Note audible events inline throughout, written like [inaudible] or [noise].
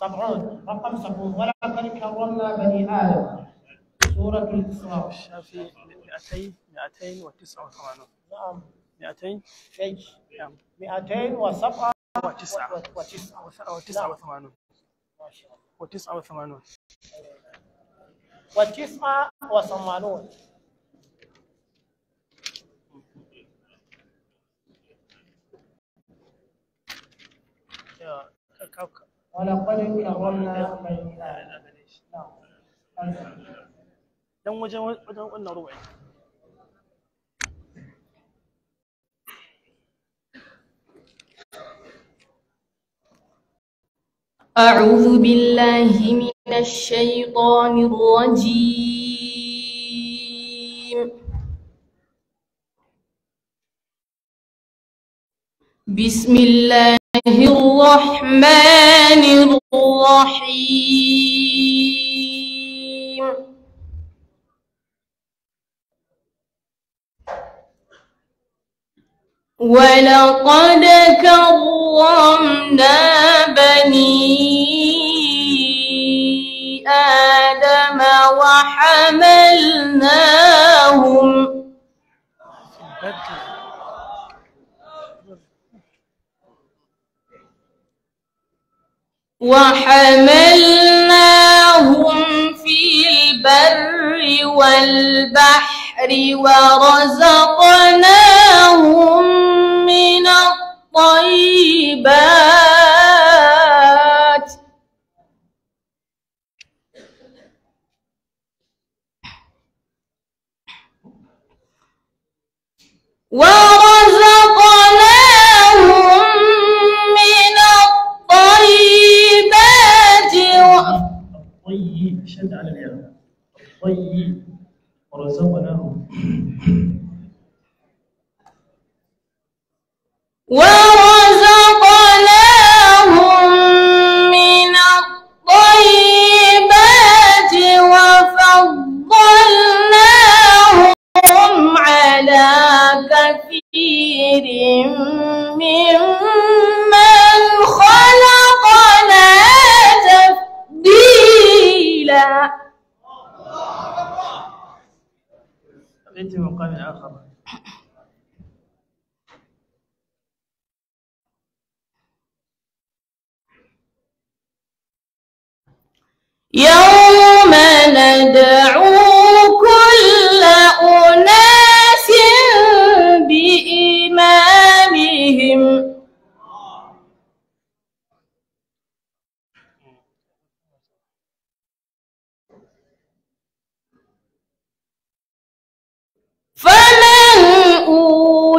سبعون رقم سبعون ولقد كرمنا بني آدم سورة الإسراء في 200 289 نعم 200 ايش؟ نعم 207 وتسعة وتسعة وثمانون وتسعة وثمانون وتسعة وثمانون ولقد كرمنا بني آدم نعم dan wajen wannan ruwa أعوذ بالله من الشيطان الرجيم بسم الله الرحمن الرحيم ولقد كرمنا بني آدم وحملناهم وحملناهم في البر والبحر ورزقناهم من الطيبات ورزقناهم طيب ورزقناهم من الطيبات وفضلناهم على كثير ممن bakalım. يوم ندعو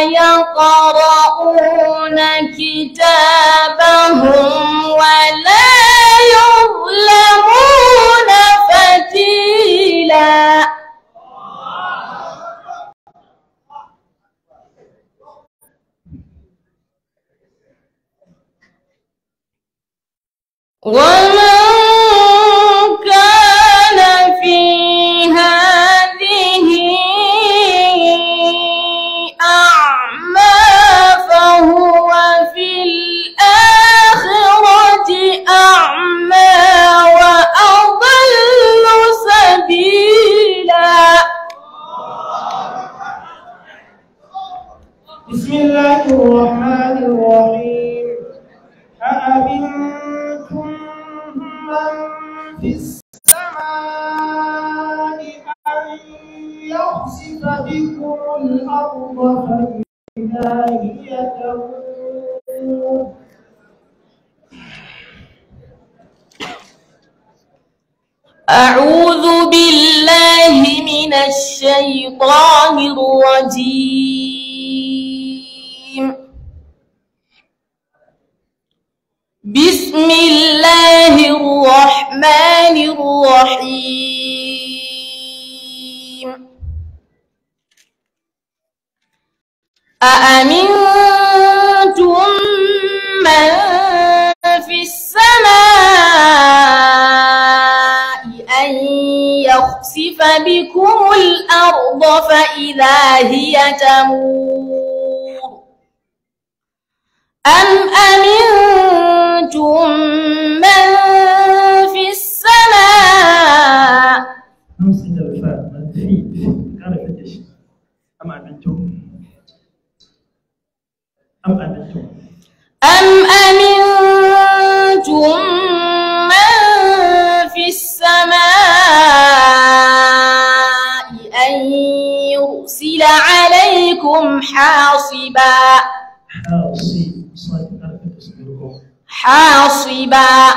يقرؤون كتابهم ولا يظلمون فتيلا والله ومنكم من في السماء أن يخسف بكم الأرض فإذا هي تمور أعوذ بالله من الشيطان الرجيم بسم الله الرحمن الرحيم أأمنتم من في السماء أن يخسف بكم الأرض فإذا هي تمور يرسل عليكم حاصبا حاصبا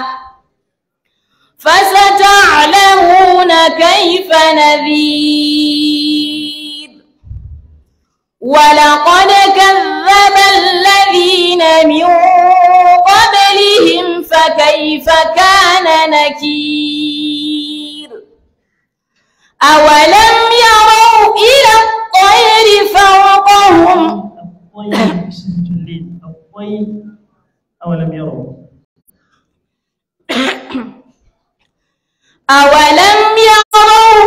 فستعلمون كيف نذير ولقد كذب الذين من قبلهم فكيف كان نكير أولم يروا إلى [coughs] أولم يروا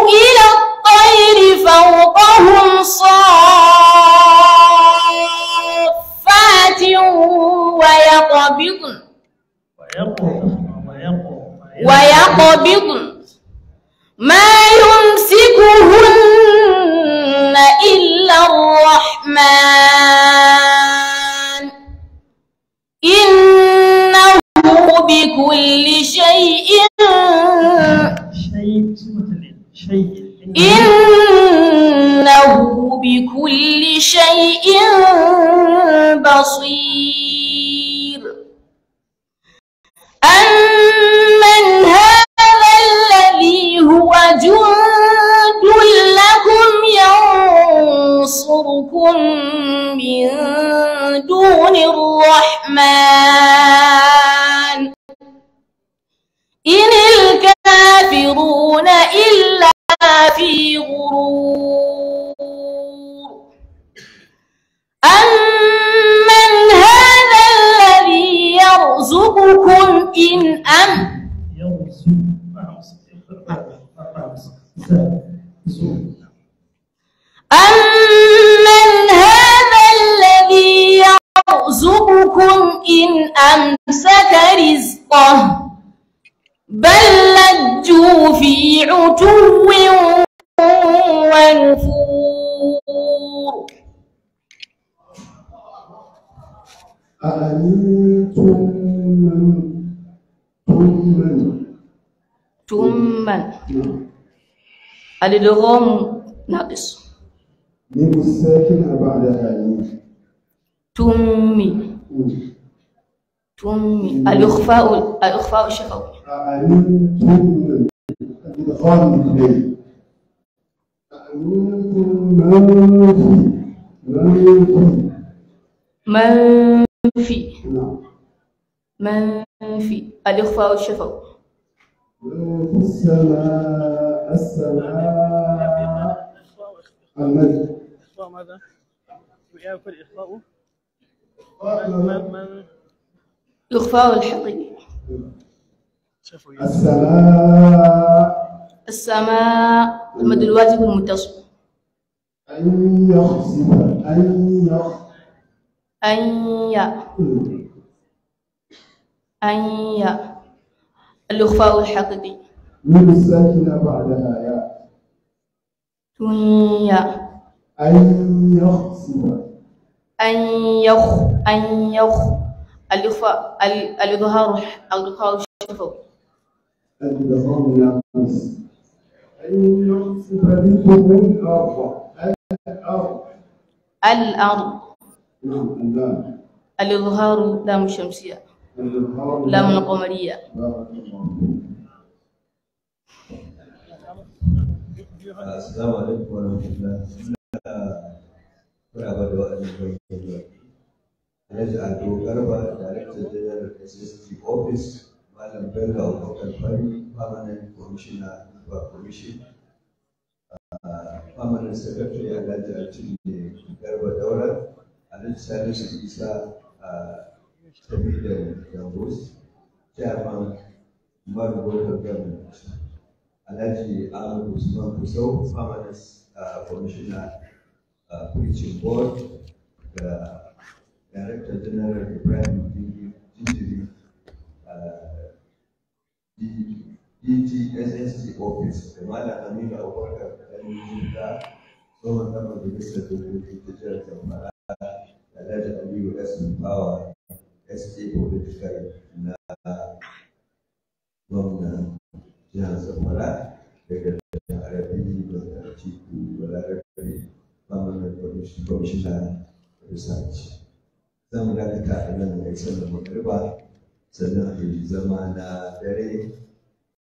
إلى الطير فوقهم صافات ويقبضن ويقبضن ما يمسكهن الرحمن إنه بكل شيء إنه بكل شيء بصير ربكم إن أمسك رزقه بل لجوا في عتو ونفور أأمنتم من نعم. ناقص الساكنة بعدها تمي الإخفاء الإخفاء الشفوي بإدخال اليد من في من في الإخفاء الشفوي السماء السماء المد إخفاء ماذا؟ يأكل إخفاؤه يخفى الحقيقي السماء السماء المد الواجب المتصل أن يخسف أن يخ أن يا أن يا الإخفاء الحقيقي من الساكنة بعدها يا تنيا أن يخسف أن يخ أن يخ الف الإظهار الإظهار الشفاء الإظهار الأرض الأرض نعم، الإظهار لام الشمسية لام القمرية السلام عليكم ورحمة الله raba da waɗannan bayyana Alhaji Ado Garba, Director General SST Office, Malam Bello Abubakar Fari, Permanent Commissioner, Commission, ah, Permanent Secretary Alhaji Garba Daura, Alhaji Salisu Isa ah, Tamidan Dambos, Chairman Umaru Bokar Government, Alhaji Ahmed Usman Kusau, Permanent ah, Commissioner uh, preaching board da director general ibrahim jinjiri dgssc office da malam aminu abubakar ɗan jinta tsohon ɗan majalisar dokoki ta jihar zamfara alhaji aliyu s bawa sa political na gwamnan jihar zamfara daga commissioner research za mu dakata a nan a da magariba sannan a zama na dare